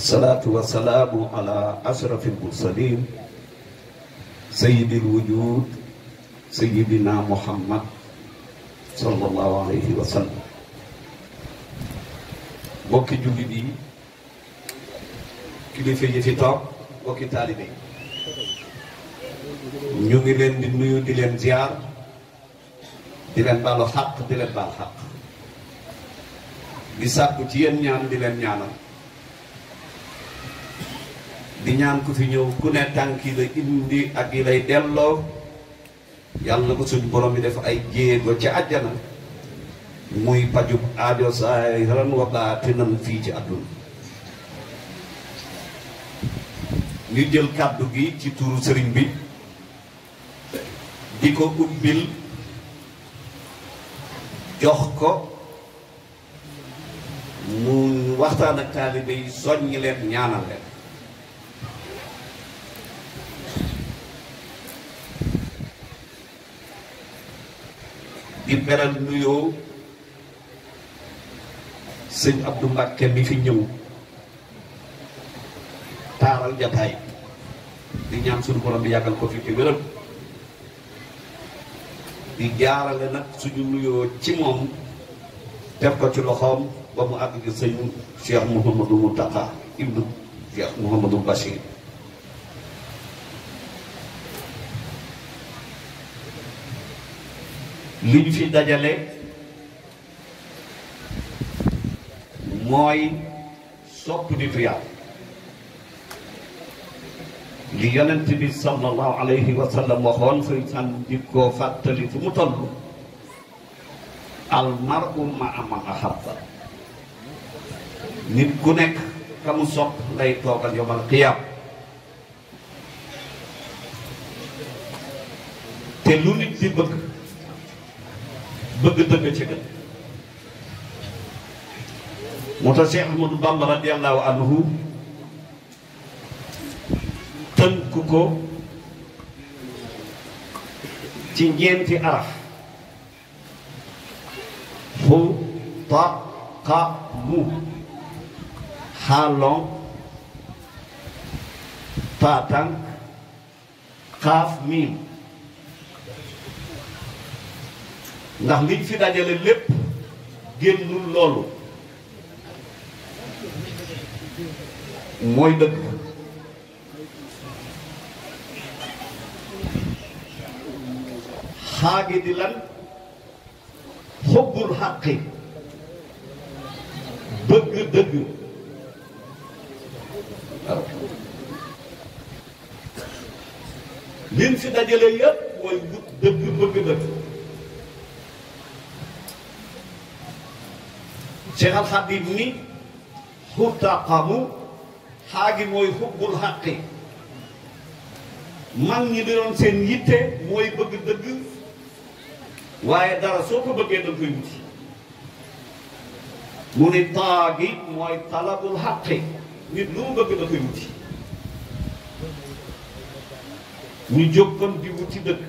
salatu والسلام على أشرف المرسلين سيد الوجود سيدنا محمد صلى الله عليه وسلم mbokki jullit yi kilifa yi fi toog ñu ngi di nuyu di len ziar di len baalu haq di len baal haq di sàkku ci yéen ñaan di len ñaanal di ñaan ku fi ñëw ku ne tànk la indi ak yi lay delloo yàlla na ko suñu boroom bi def ay jéego ci àjjana muy pajub aajo saahiran wa baatinan fii ci àdduna ñu jël kàddu gi ci turu sëriñ bi di ko ubbil jox ko mu waxtaan ak taalibe yi leen ñaanal di beral nuyoo sëñ Abdou Mbacke mi fi ñëw taaral jataay di ñaan suñu borom bi yàggal ko fi ci di jaarale nag suñu nuyoo ci moom def ko ci loxoom ba mu àgg ci sëñ Cheikh Mouhamadou Mountakha ibnu Cheikh Mouhamadou Bachir liñ fi dajalé moy sopp di fiya li yonent bi sallallahu alayhi wa sallam waxoon suñ san di ko fatali fu mu tollu al mar'u ma man ahabba nit ku nek kamu sop lay togal yomal qiyam te lu nit di bëgg bëgg dëgg ci gën moo tax Cheikh Ahmadou radiallahu anhu tënk ko ci ñeenti araf fu ta ka mu xaalong taatang xaaf ndax liñ fi dajale lépp génnul loolu mooy dëgg xaagi di lan xubbul xaqi bëgg dëgg waaw liñ fi dajale yépp mooy wut bëgg dëgg Cheikh Al Khadim ni xurtaqamu xaa gi mooy xubbul xaqi mag ñi di doon seen yitte mooy bëgg dëgg waaye dara soo ko bëggee danga koy wuti mu ni taa gi mooy talabul xaqi nit lu mu bëgg da koy wuti ñu jóg kon di wuti dëgg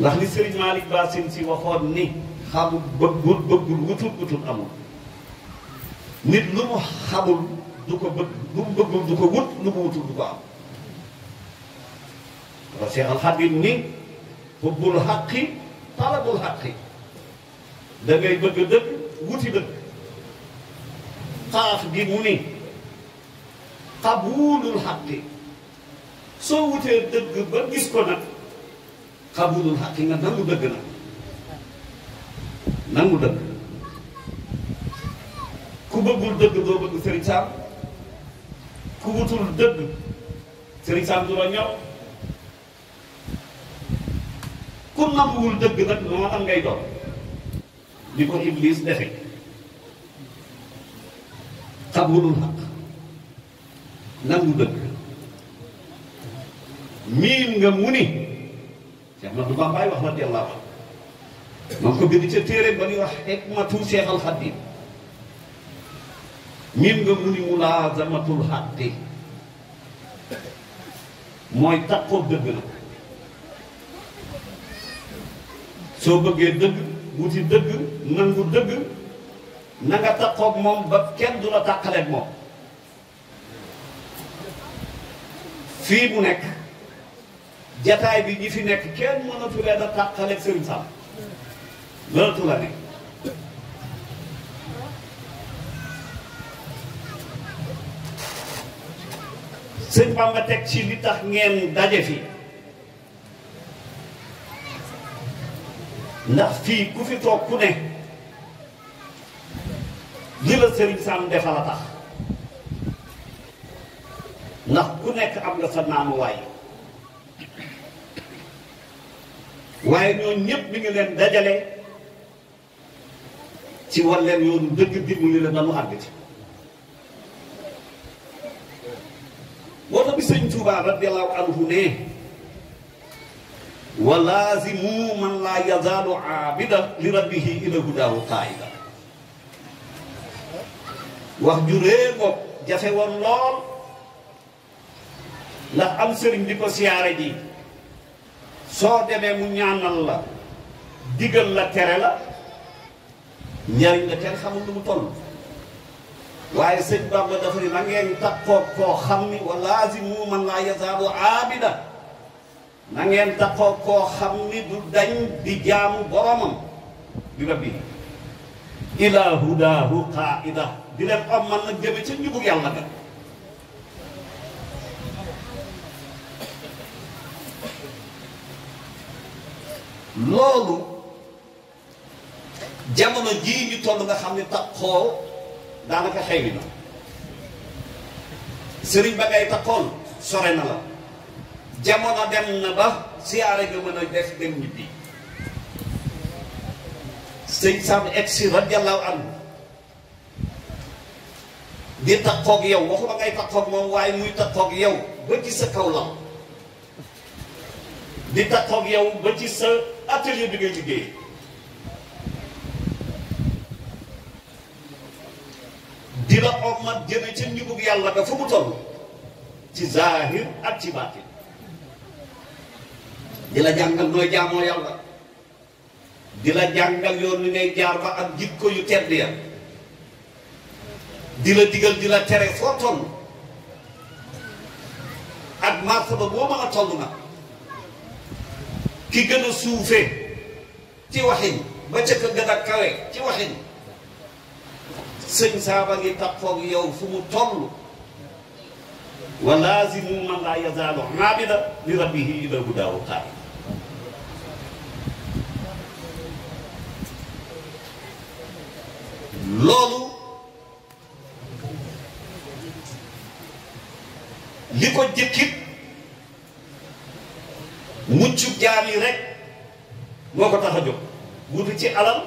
ndax li Serigne Malick Bassine si waxoon ni xamul bëggul bëggul wutul wutul amul nit lu mu xamul du bëggul du wut lu wutul du ko am parce ni xubbul xaqi talabul xaqi da bëgg dëgg wuti dëgg xaaf gi mu ni xabuulul xaqi soo wutee dëgg ba gis ko nag xabulul xaq nga nangu dëgg na nangu dëgg ku bëggul dëgg doo bëgg Serigne ku wutul dëgg Serigne Sam du la ñor ku nanguwul dëgg nag moo am ngay doon di ko Iblis defe xabulul xaq nangu dëgg miin nga mu Cheikh Ahmadou Bamba wax radiyallahu anhu moom ko bind ca téere ba ñuy wax hikmatu Cheikh al Khadim miin nga mu ni mulazamatul mooy takkoog dëgg la soo bëggee dëgg wuti dëgg nangu dëgg na nga takkoog moom ba kenn du la tàqaleeg moom fii mu nekk jataay bi ñu fi nekk kenn mënatu leen a tàqale sëriñ Sam lënatu la nekk sëñ Bamba teg ci li tax ngeen daje fi ndax fii ku fi toog ku ne li sëriñ Sam defal a tax ndax ku nekk am nga sa naanuwaay waaye ñooñu ñëpp mi ngi leen dajale ci war leen yoonu dëgg dimbali leen ba mu bi sëñ Tuubaa radiyallahu anhu ne wa laazimu man la yazaalu aabida li rabbihi ila hudaahu qaa'ida wax ju ree ko jafe woon lool ndax am sëriñ di ko soo demee mu ñaanal la digal la tere la ñariñ la kenn xamul lu mu toll waaye sëñ Bamba dafa ni na ngeen takkoog koo xam ni bu man laa yazaalu aabida koo xam ni du dañ di jaamu boromam di rabbi ilaa hudaahu qaa'ida di leen man nag jëme ca njubug yàlla ka lolu jamono ji ñu tollu nga xamni takko da naka xëy na serigne bagay ngay sore na la jamono dem na ba siyaare nga mën a def dem bi serigne Sam exi radiyallahu anhu di taxoog yow waxu bagay takko moom way muy taxoog yow ba ci sa kaw la di taxoog yow ba ci sa atelier bi ngay liggéey di la ommat jëme ca njubug yàlla dafa mu toll ci zahir ak ci baatin di la jàngal nooy jaamoo yàlla di la jàngal yoon wi ngay jaar ba ak jikko yu tedd ya di la digal di la tere foo toll ak martaba boo mën a toll nag ki gën a suufee ci waxin ba ca ka gën a kawe ci waxin sëñ saaba ngi tappoog yow fu mu toll wa laazimu man laa yazaalu aabida li rabbihi ila hudaahu qaa'im loolu li ko jëkkit muccu jaam yi rek moo ko tax a jóg wutu ci alal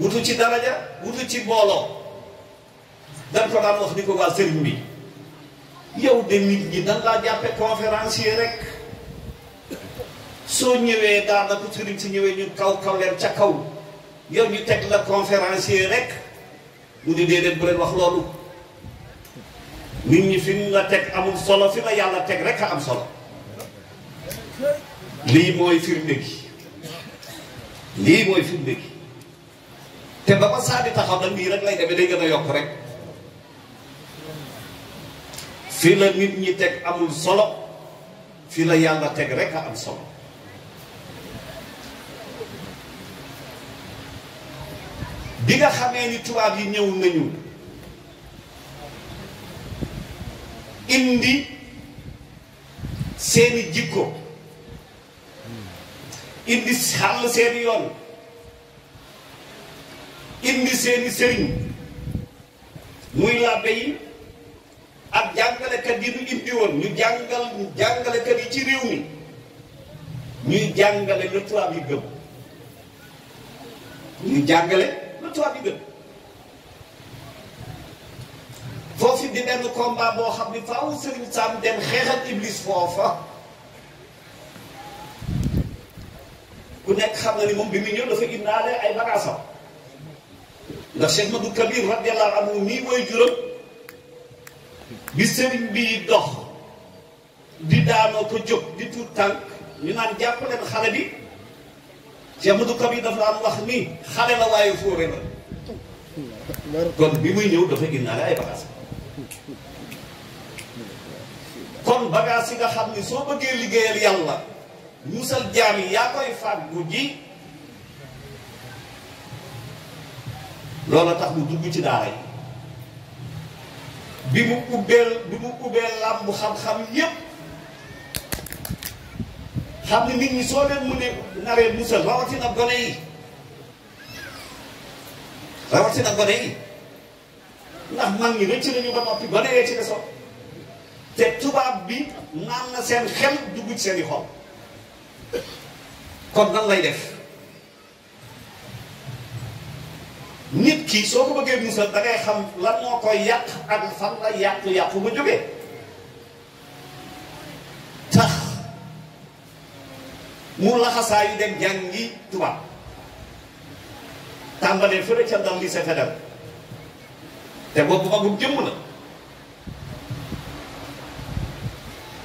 wutu ci daraja wutu ci mbooloo dañ ko daan wax ni ko waa sëriñ bi yow de nit ñi dañ laa jàppe conférencier rek soo ñëwee daanaka sëriñ si ñëwee ñu kaw kaw leen ca kaw yow ñu teg la conférencier rek mu di déedéet bu leen wax loolu nit ñi fi mu la teg amul solo fi la yàlla teg rek a am solo lii mooy firnde gi lii mooy firnde gi te ba ko saa di taxaw nag nii rek lay demee day gën a yokk rek fii la nit ñi teg amul solo fii la yàlla teg rekk a am solo bi nga xamee ni tubaab yi ñëw nañu indi seeni jikko indi xàll seeni yoon indi seeni sëriñ muy làbbe yi ak jàngalekat yi ñu indi woon ñu jàngal jàngalekat yi ci réew mi ñuy jàngale la yi gëm ñu jàngale la yi gëm foofu di benn combat boo xam ni faaw sëriñ Sam dem xeexal iblis foofa ku nekk xam na ni moom bi muy ñëw dafa indaale ay bagaasam ndax Cheikh Madou Kabir radiyallahu anhu nii mooy juróom bi sëriñ bi dox di daanoo ko jóg di tuut tànk ñu naan jàpp leen xale bi Cheikh Madou Kabir dafa am wax ni xale la waaye fóore la kon bi muy ñëw dafa indaale ay bagaasam bagaas yi nga xam ni soo bëggee liggéeyal yàlla musal jaam yi yaa koy fàggu ji loola tax mu dugg ci daara yi bi mu ubbeel bi mu ubbeel làmbu xam-xam yépp xam ne nit ñi soo leen mu ne naree musal rawatina gone yi rawatina gone yi ndax mag ñi rëcc nañu ba noppi gone yee ci desoon te tubaab bi naan na seen xel dugg ci seen i xol kon lan lay def nit ki soo ko bëggee musal da ngay xam lan moo koy yàq ak fan la yàqu-yàqu ba jógee tax mu laxasaa yu dem jàngi tubaab tàmbalee fële ca dal li sa fedal te boobu magum jëmm la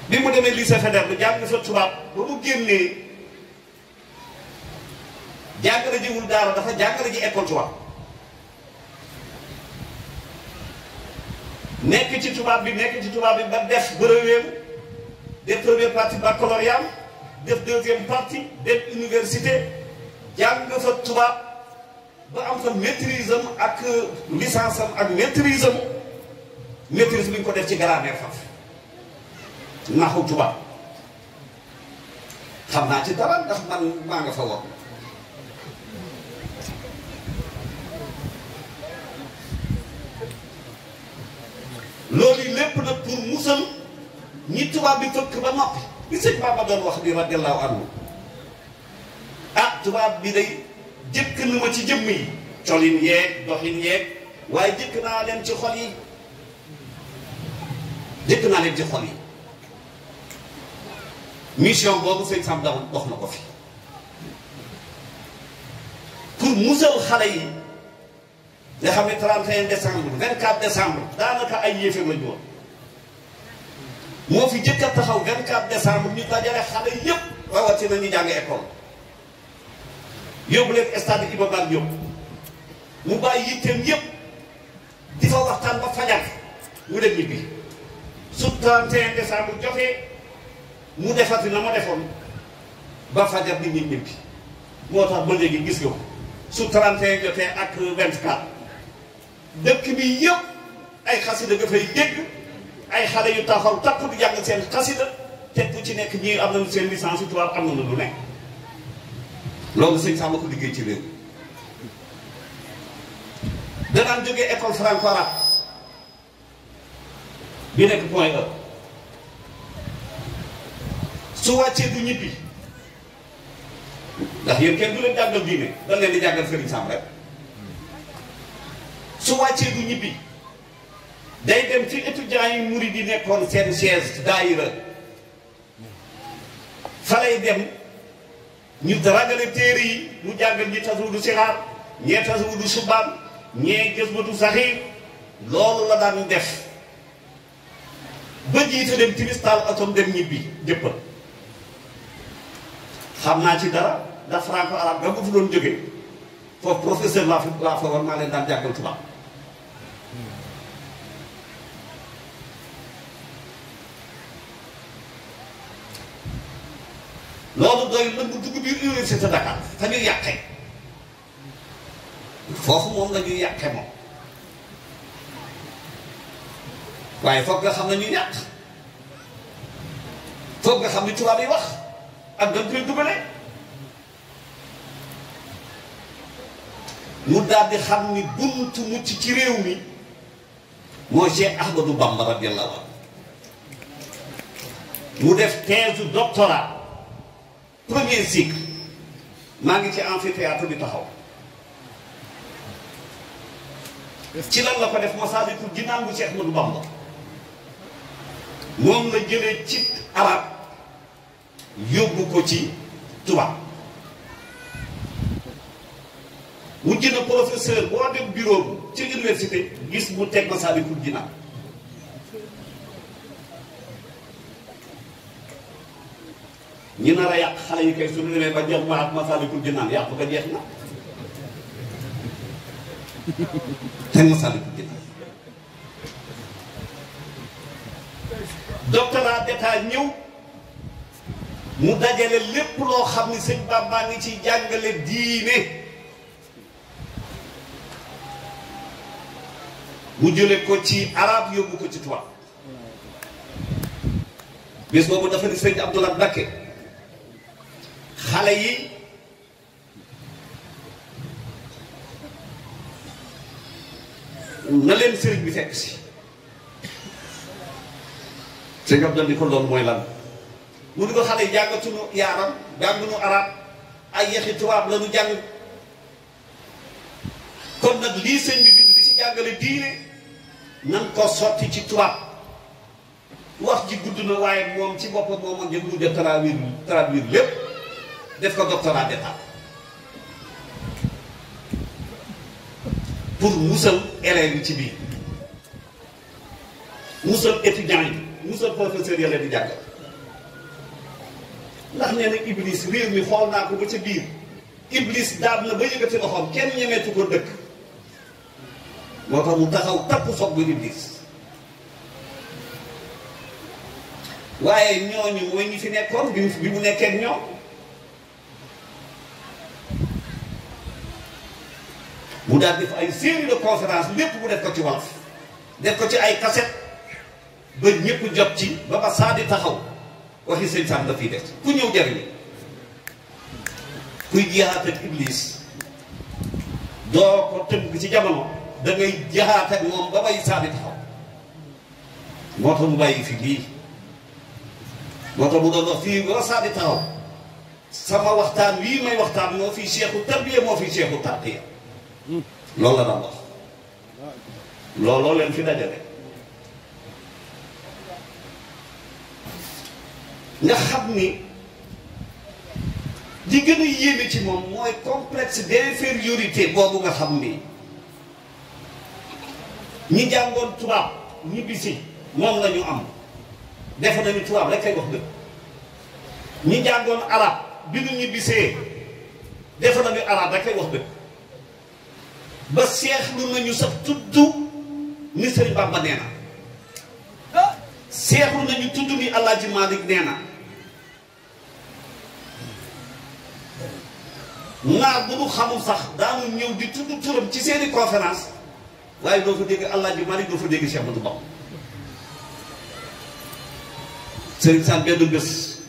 bi mu demee lycée fédéral bu jàng fa tubaab ba mu génnee jàngale jiwul daara dafa jàngale ji école tubaab nekk ci tubaab bi nekk ci tubaab bi ba def brevet def première partie baccalauréat def deuxième partie dem université jàng fa tubaab ba am fa maîtrise am ak euh, licence am ak maîtrise am maîtrise bi ñu ko def ci grammaire faf naxu tubaab xam naa ci dara ndax man maa nga fa woon. nag pour musal ñi tubaab bi fëkk ba noppi li sëñ Baba doon wax di radiallahu anhu ah tubaab bi day jëkk na ma ci jëmm yi colin yeeg doxin yeeg waaye jëkk naa leen ci xol yi jëkk naa leen ci xol yi mission boobu sëñ Sam daw dox na ko fi pour musal xale yi nga xam ne 31 décembre 24 décembre daanaka ay yéefar la ñu moo fi jëkk a taxaw 24 décembre ñu dajale xale yépp rawatina ñu jàng école yóbbu leen stade Iba Mar Diop mu bàyyi yitteem yépp di fa waxtaan ba fajar mu dem ñibbi su 31 décembre jotee mu defati na ma defoon ba fajar di ñibbi ñibbi moo tax ba léegi gis nga ko su 31 jotee ak 24 dëkk bi yépp ay xasida nga fay dégg ay xare yu taxaw tapp di jàng seen xasida te ku ci nekk ñii am na seen licence yu tubaab am nañu lu nekk loolu sëñ Samba ko liggéey ci réew danaan jógee école franco bi nekk point E su wàccee du ñibbi ndax yéen kenn du leen jàngal diine dañ leen di rek su wàccee du ñibbi day dem ci étudiants yi murid yi nekkoon seen chaise daayira fa dem ñu ragale téere yi mu jàngal ñi tasawudu sixaar ñee tasawudu subaan ñee jësbatu saxiir loolu la daan def ba jiite dem timis taal dem ñibbi jëppal xam naa ci dara ndax franco arabe nga ko fu doon jógee foofu professeur laa fa laa fa war maa leen daan jàngal tubaab loolu doy lëmb dugg biir université Dakar fa ñuy yàqee foofu moom la ñuy yàqee moom waaye foog nga xam ne ñuy yàq foog nga xam ne tubaab yi wax ak dañ koy dugale mu daal di xam ni buntu mucc ci réew mi mooy Cheikh Ahmadou Bamba radiyallahu anhu mu def thèse premier cycle maa ngi ci amphithéâtre di taxaw ci lan la ko def Masaalikul Jinaan bu set Ahmadou Bamba moom la jëlee ci arab yóbbu ko ci tubaab mujj na professeur boo dem bureau ci université gis mu teg Masaalikul Jinaan ñi nar a yàq xale yi kay suñu demee ba jox ma ak Masaalikul Jinaan yàq ko jeex na te Masaalikul Jinaan doctorat d'état ñëw mu dajale lépp loo xam ni sëñ Bàmba ngi ci jàngale diine mu jële ko ci arab yóbbu ko ci tubaab bés boobu dafa ni sëñ Abdoulaye Mbacké xale yi na leen sëriñ bi fekk si sëñ Abdou di ko doon mooy lan mu ni ko xale yi jàngatuñu yaaram jànguñu arab ay yaxi tubaab la ñu jàng kon nag lii sëñ bi bind di jàngale diine nan ko sotti ci tubaab wax ji gudd na waaye moom ci boppa moom a ngeen mujj a traduire traduire lépp def ko doctorat d'état pour musal élèves yi ci biir musal étudiants yi musal professeurs yi di jàngal ndax nee na iblis réew mi xool naa ko ba ca biir iblis daal na ba yëkkati loxoom kenn ñemeetu ko dëkk moo tax mu taxaw takku soog bu iblis waaye ñu mooy ñi fi nekkoon bi mu nekkee ñoom mu daal def ay série de conférence lépp mu def ko ci wolof def ko ci ay cassette bët ñëpp jot ci ba ba saa taxaw waxi sëñ Sam daf fiy def ku ñëw jariñu kuy jeexaat ak iblis doo ko tënk ci jamono da ngay jeexaat ak moom ba bay saa taxaw moo tax mu bàyyi fi lii moo tax mu doon fii ba saa di taxaw sama waxtaan wii may waxtaan moo fi seexu tarbiya moo fi seexu tarbiya loolu la daan wax looloo leen fi dajale nga xam ni gën a ci moom mooy complexe d'infériorité boobu nga xam ni ñi jàngoon tubaab ñibbisi moom lañu am defe nañu tubaab rek kay wax dëgg ñi jàngoon arab bi ñu ñibbisee defe nañu arab rek kay wax dëgg ba cheikh seexlu nañu sa tuddu ni sëriñ Bamba neena na seexlu ah. nañu tuddu ni Alaaji Malik neena na bu nu xamu sax daanu ñew di tuddu turam ci seeni conférence waye do fa dégg Alaaji Malik do fa dégg Cheikh Madou Bamba sëriñ Sall benn bëss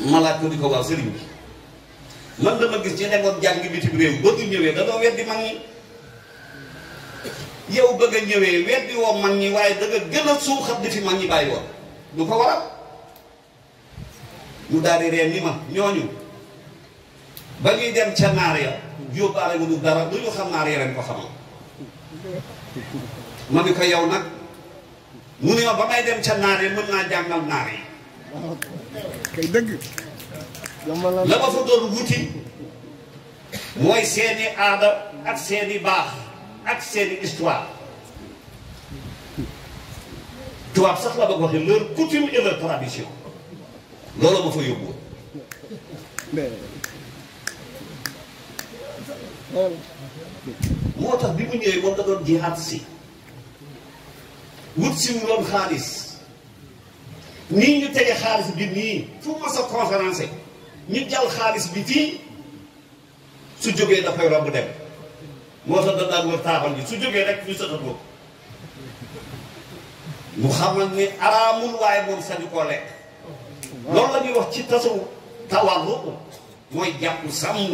malaat diko di ko man dama gis ci demoon jàng bitim réew bëgg ñëwee da doo weddi mag ñi yow bëgg a ñëwee weddi woo mag ñi waaye da nga gën a suuxat di fi bàyyi woon lu ko waral mu reen ni ma ñooñu ba dem ca naar ya yóbbaale wu ñu dara lu ñu xam naa ya ren ko xamal ma ni ko yow nag mu ne ma ba may dem ca naar ya mën naa jàngal naar yi kay dëgg la ma fa doon wuti mooy seeni aada ak seeni baax ak seeni histoire tubaab sax la bëgg waxee leur coutume et leur tradition loolu ma fa moo tax bi mu ñëwee moom da doon jihaat si wut si mu doon xaalis nii ñu tege xaalis bi nii fu ma sa ñu jàll xaalis bi fii su jógee dafay romb dem moo tax da daan wër taabal bi su jógee rek ñu sëqat ko mu xamal ni araamul waaye moom sañu koo lekk loolu la ñuy wax ci tasawu tawallu mooy jàpp sàmm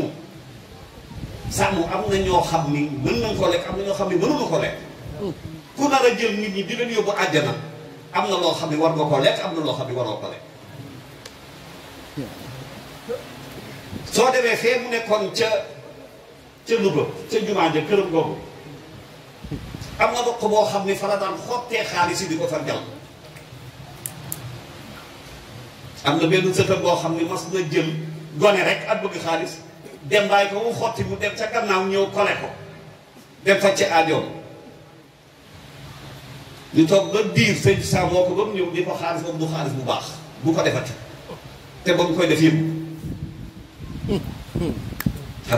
sàmm am na ñoo xam ni mën nañ ko lekk am na ñoo xam ni mënuñu ko lekk ku nar a jël nit ñi am na loo xam ne war nga ko lekk am na loo xam ne waroo ko lekk soo demee fee mu nekkoon ca ca Louga ca jumaa ja këram googu am na bokk boo xam ne fa la daan xottee xaalis yi di ko fa jal am na benn sëtam boo xam ne mas na jël gone rek at xaalis dem ko mu mu dem ca gannaaw ñëw kole ko dem fa ci aajoom ñu toog ba diir sëñ sa moo ko ba mu ñëw di ko xaalis boobu du xaalis bu baax bu ko defati te ba mu koy def yëpp xam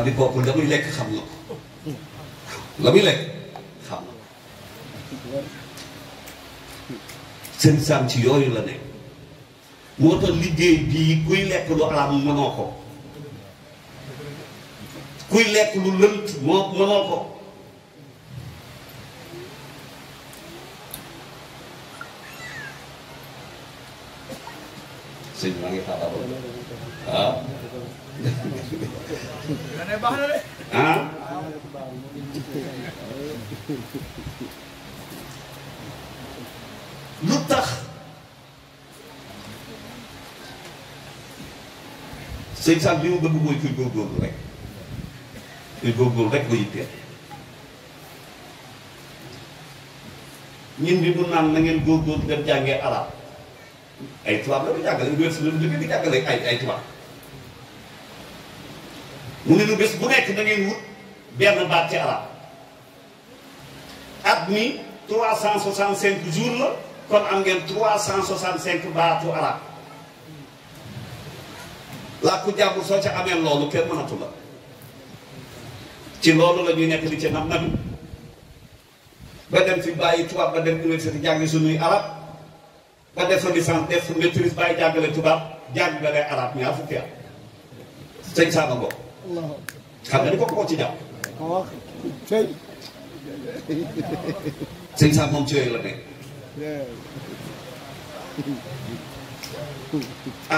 ni la muy lekk xam na ko la muy lekk xam na ci yooyu la nekk moo tax liggéey bii kuy lekk lu alaam mënoo ko kuy lekk lu lënt moo mënoo ko sëñ maa ngi xaaral waaw ah lu tax sëñ Saal li mu bëgg rek kuy góorgóorlu rek mooy itteel ñun bi mun naan na ngeen góorgóorlu dem jàngee arab ay tubaab la ñu jàngale université bi ñu ngi ay ay mu ne nu bés bu nekk dangay ngeen wut benn baat ci arab at mi 365 jours la kon am ngeen 365 baatu arab làkku jàmbur soo ca amee loolu kenn mënatu la ci loolu la ñuy nekk di ci nam nami ba dem fi bàyyi tubaab ba dem université jàngi sunuy arab ba def fa licence def maîtrise bàyyi jàngale tubaab jàng ba ngay arab ñaar fukki at sëñ Samba Mbow xam nga ni ko koo ci jàpp. sëñ Saam moom ci yooyu la nekk.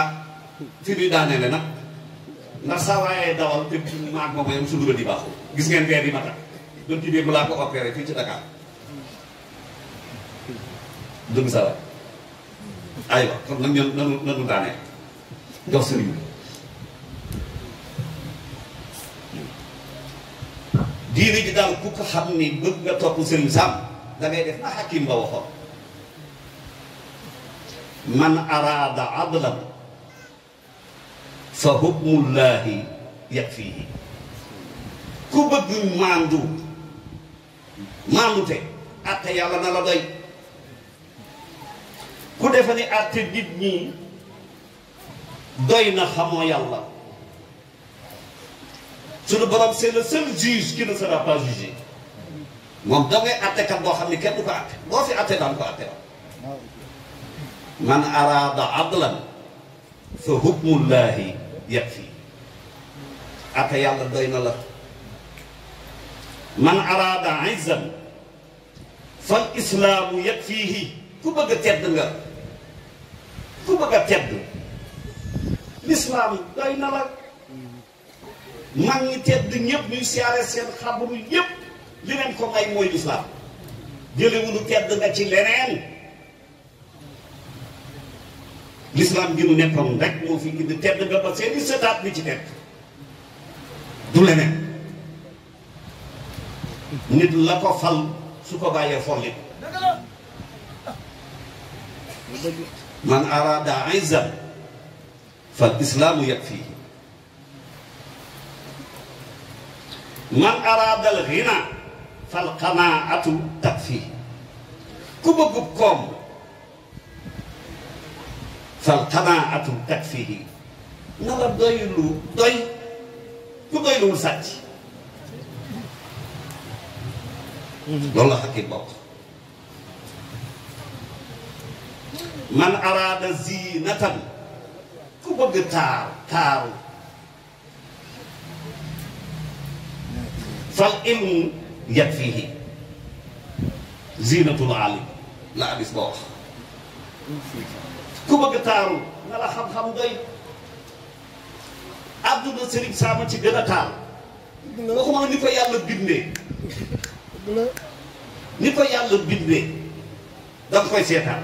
ah fi muy daaneele nag ndax saa waayee dawal te maag ma yam suñu bët yi baaxul gis ngeen weer ma takk doon ci démb laa ko opéré fii ci Dakar dëgg saa waay aywa kon nag ñun nanu nanu daaneel jox sëriñ diine ji daal ku ko xam ni bëgg nga topp sëriñ Sam def na xakim ba waxoon man araada adlan fa hukmullaahi yakfiihi ku bëgg maandu maandute atte yàlla na la doy ku defe ni atte doy na xamoo yàlla suñu borom c'est le seul juge qui ne sera pas jugé moom dangay attekat boo xam ne kenn du ko atte boo fi atte daan ko atte la man araada adlan fa hukmullaahi yakfi atte yàlla doy na la man araada izzan fal islaamu yakfiihi ku bëgg a tedd nga ku bëgg a tedd lislaam doy na la mag ñi tedd ñëpp ñuy siyaare seen xabru yëpp li leen ko may mooy lislaam jëlewulu tedd nga ci leneen lislaam gi nu nekkoon rek tedd nga ba seen i sëtaat bi ci nekk du leneen nit la ko fal su ko bàyyee folli man arada izzan fal islaamu yakfihi man araadal xina fal qanaatu takfi ku bëggub koom fal qanaatu takfihi na la doylu doy ku doyluwul sàcc loolu la xakki bokk man araada zinatan ku bëgg taar taaru فالإم يكفيه زينة العالم لا بس بوح كوبا كتارو نلا خم خم غي عبد الله سليم سامن تجدا كار نكو ما نفع يا الله بيدني نفع يا الله بيدني دم كويس يا تار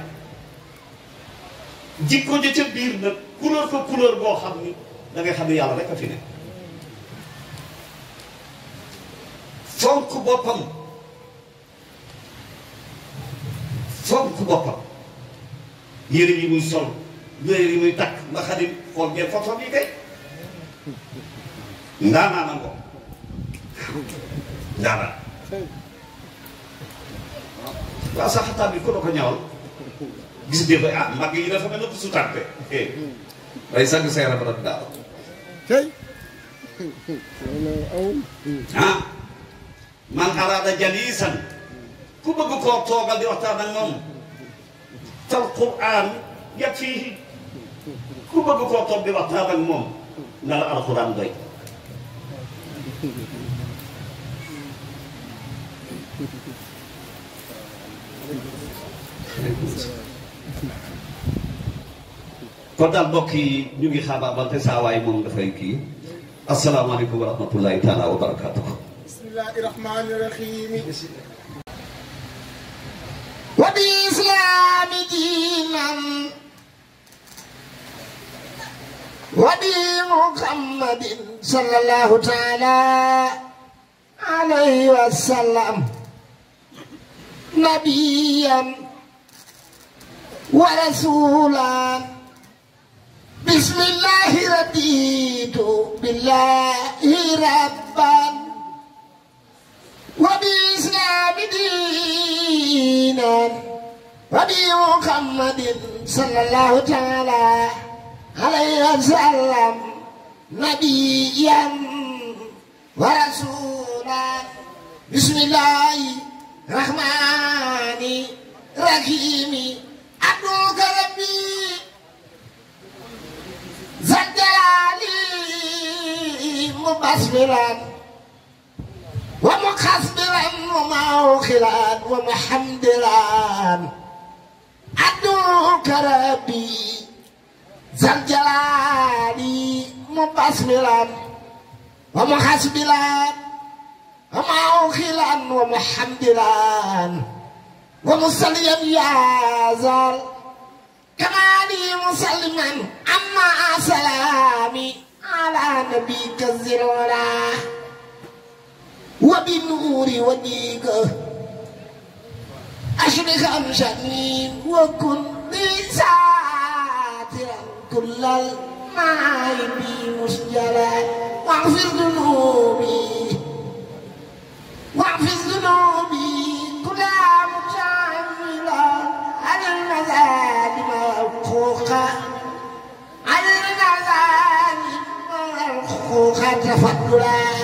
جيكو جيتش بيرنا كولر فو كولر بوا خمني نعى خمني يا الله كفيني fonk boppam fonk boppam yére yi muy sol yére yi muy takk nga xam ne xool ngeen photo bi kay ndaanaa nango ndaanaa waaw sax xataa bi ko doo gis dé ah mag yi dafa mel na ko su tànte day eh, sàgg seera ba daal ah man araada jaliisan ku bëgg koo toogal di waxtaan ak moom tal quraan yag fii ku bëgg koo toog di waxtaan ak moom na la alxuraan doy kon daal mbokk yi ñu ngi xaabaabal te saa waay moom dafay kii asalaamaaleykum wa rahmatullahi taala wa الله الرحمن الرحيم وبإسلام دينا وبمحمد صلى الله تعالى عليه وسلم نبيا ورسولا بسم الله رضيت بالله ربا وبإسلام دينا وبمحمد صلى الله تعالى عليه وسلم نبيا ورسولا بسم الله الرحمن الرحيم عبدك ربي ذا الجلال مبصرا salam wa ma'ukhilan wa mahamdilan Aduh karabi Zaljalani Mubasmilan Wa mahasbilan Wa ma'ukhilan wa mahamdilan Wa musalliyan ya zal Kamali musalliman Amma asalami Ala nabi kazirullah وبنور وديك أشرق أمشني وكن لي ساترا كل المعايب مسجلا واغفر ذنوبي واغفر ذنوبي كلها مجاملا على المظالم والحقوق على المظالم والحقوق تفضلا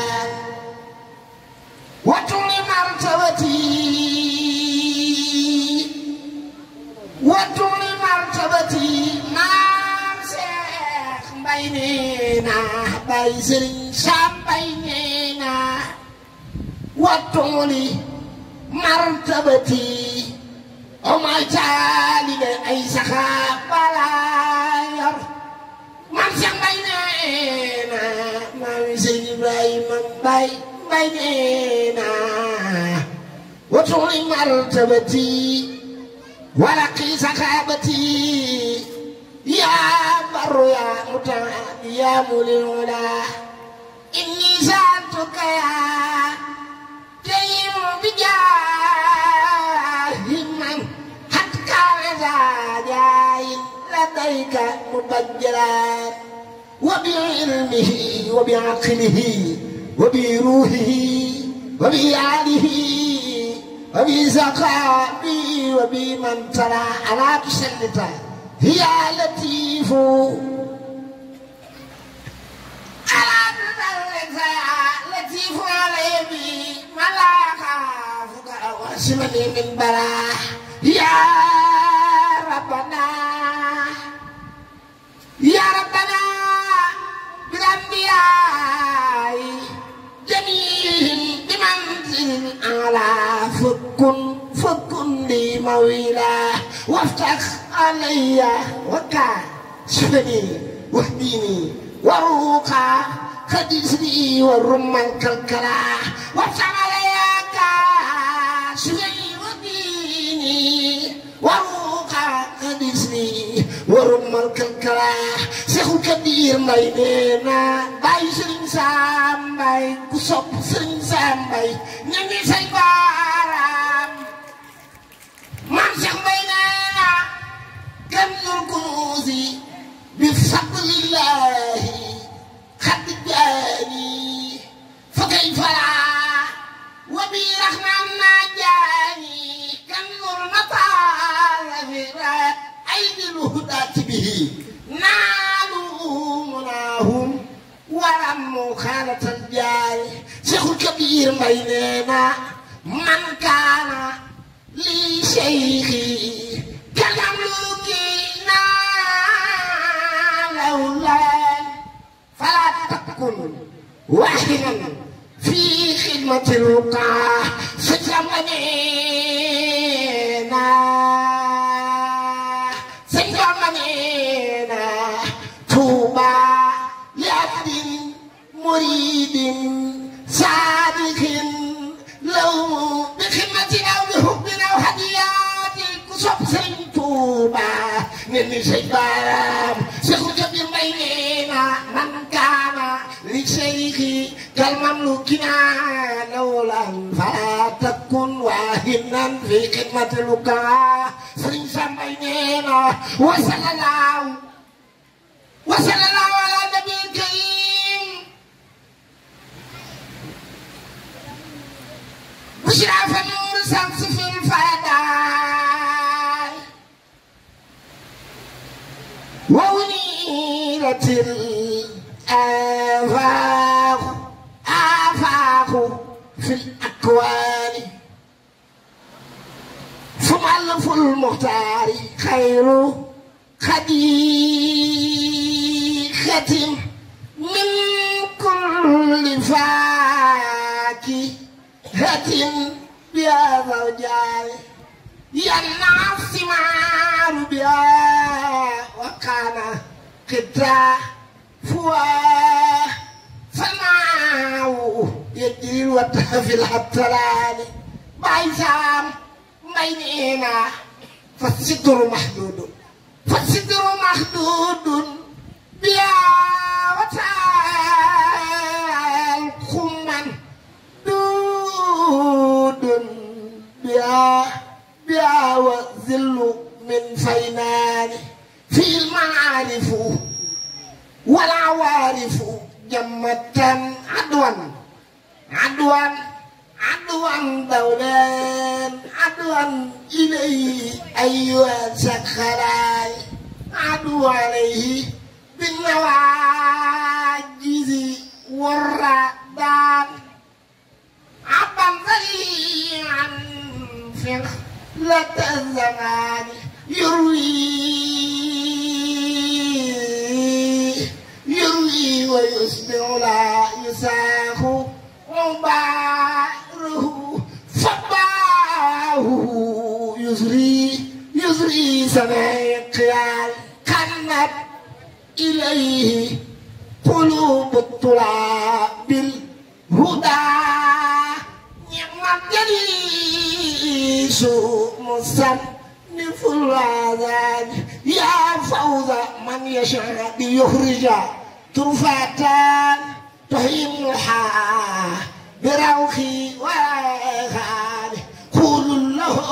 وتل من توتي وتل من توتي نام شيخ بيننا بيزرين شام بيننا وتولي مرتبتي وما جالب أي سخاب بلا ير من شام بيننا ما بيزرين إبراهيم من بيننا بيننا وطول مرتبتي ولقي سخابتي يا بر يا متى يا مولي الولا إني سألتك يا كريم بجاه من حتى مزاجاي لديك مبجرات وبعلمه وبعقله وبروحه وبآله وبزقائه وبمن ترى ألا تسلط هي لطيف ألا تسلط لطيف عليه ملاك فقع واسم من براح يا على فك فك لي مويلا وافتح علي وكاشفني واهديني وروقا خدسني والرمان كالكلا وافتح علي كاشفني واهديني وروقا warummal kankara Seexul Kabiir Mbay nee na bàyyi Sëriñ Sam Mbay ku sopp Sëriñ Sam Mbay ña ngi say baaraam maam Seex Mbay nee na kenn yor kunuusi bi fadlillahi xadd jaani fa kay faraa wa bi raxmaan naa jaani kenn yor na taala عين الهدى به نالوا مناهم ولم خانة الجار شيخ الكبير بيننا من كان لي شيخي كلمكنا لولا فلا تكن واحدا في خدمة الوقاع ستمنينا مريد صادق لو بخدمة أو بحب أو هديات كسب سرين توبا نمي سيبارام سيخرج من بيننا من كان لشيخي كالمملوكنا نولا فلا تكن واهنا في خدمة لقاء سرين سمينينا وصلى الله وصلى الله على أشرف الآفاق آفاق في الأكوان فمؤلف المختار خير خديقة من كل فاق هتم بها زوجاي يا الناس مار بها وكان كدا فوا فماو يدير وتهفل الطلال بايزام بيننا فالصدر محدود فالصدر محدود بها وتعالى جود بها بها وذل من فينان في المعارف والعوارف جمة عدوا عدوا عدوا دولان عدوا إليه أيها سخراي عدوا عليه بالنواجذ والردان عمن غني عن فخلة الزمان يروي يروي ويسمع لا يساق عمره صباه يزري يزري سماء قيال كنب إليه قلوب الطلاب بالهدى جليس مصنف العذاب يا فوز من يشاء ليخرج ترفاتا تهيم الحال بروخي وخال قول له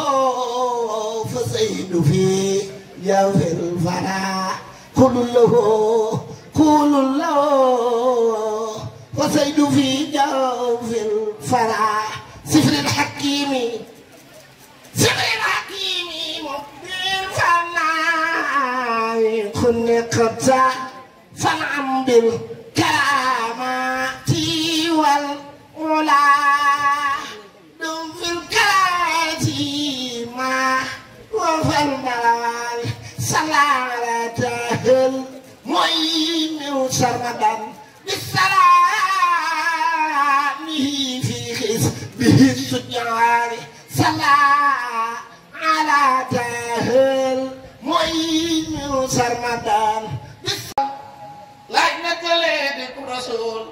فسيد في جوف الفرا قول له قول له وسيد في جوف الفرا الحكيم سر الحكيم مقبل فلا خلقت فنعم بالكرامات والعلا دم في الكرامات ما وفي الملال صلى على تاهل مؤمن سرمدا به السجار صلى على جاهل معين سرمدان لجنة ليدك رسول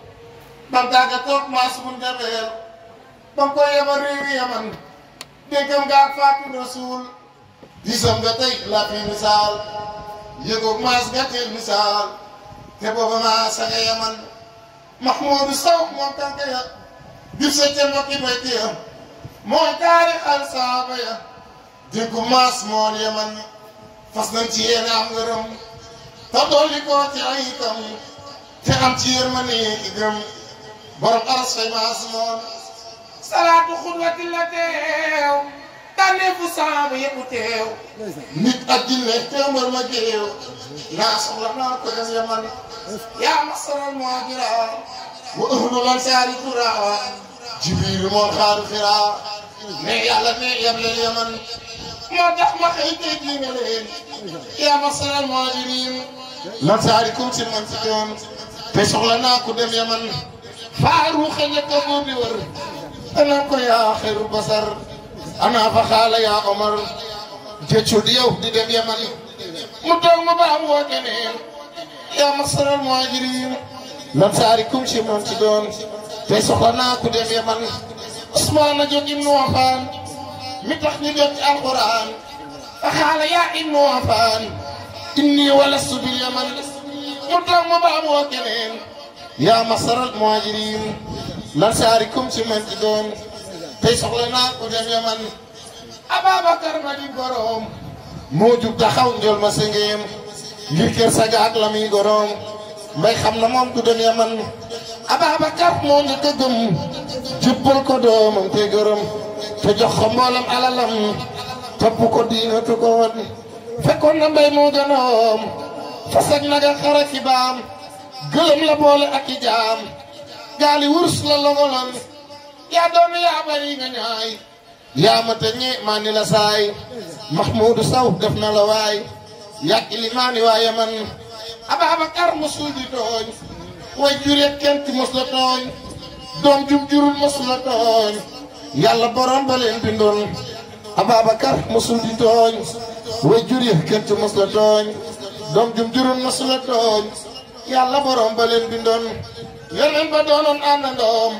بمتاك توك ماسمون جبل بمكو يمري يمن ديكم غاك فاتي رسول disam nga tey la fi misaal yëgoog maas nga teel misaal te booba maa sa nga yaman Mahmoudou Sow moom tànk ya di sëccëma ki bay téexam mooy taari al saaba ya maas mool yaman fas nañ ci am ngërëm te dolli koo ci ay itam te am ci yërmande yi borom aras fay maas mool salaatu xudwati la teew tànnee teew nit ak jinne teew ma géew naa soxla naa ko dem yaman yaa masaral muhajira wa ahlu lansaari turaa jibril moo xaaru firaa mais yàlla mais yab leen yaman moo tax ma xëy tey jii nga leen yaa masaral muhajirin lansaarikum si man si doon te soxla naa ku dem yaman faaru xëñe ko boo di wër ana ko yaa xeru basar ana fa xaala yaa omar jëccu di yow di dem yaman mu toog mu baax woo keneen yaa masaral muhajirin man saari ci mom ci doon te soxla ku dem yaman usmaana jóg ibnu wafaan mi tax ñu jot ci alquran fa xaala ya ibnu wafaan inni wala bil yaman mu ba mo kenen ya masar al muhajirin man saari ci mom ci doon te soxla ku dem man ababakar ma di taxaw ndol ma ak mbay xam na moom du dem yaman Ababacar moo njëkk a gëm jubbal ko doomam te gërëm te jox ko alalam topp ko diinatu ko wan fekkoon na mbay moo gënoom fas ak naga xara ci baam gëlëm la boole ak i jaam wurus la longoloon yaa doon yaa bari yaa ma te ñee maa la saay Mahmoudou Sow def na la waay yaa ilimaani waa yaman Ababacar mosul di tooñ way juree kent mos la tooñ doom jum jurul mos la tooñ yàlla borom ba leen bindoon Ababacar mosul di tooñ way juree kent mos la tooñ doom jum jurul mos la tooñ yàlla borom ba leen bindoon yeneen ba doonoon àndandoom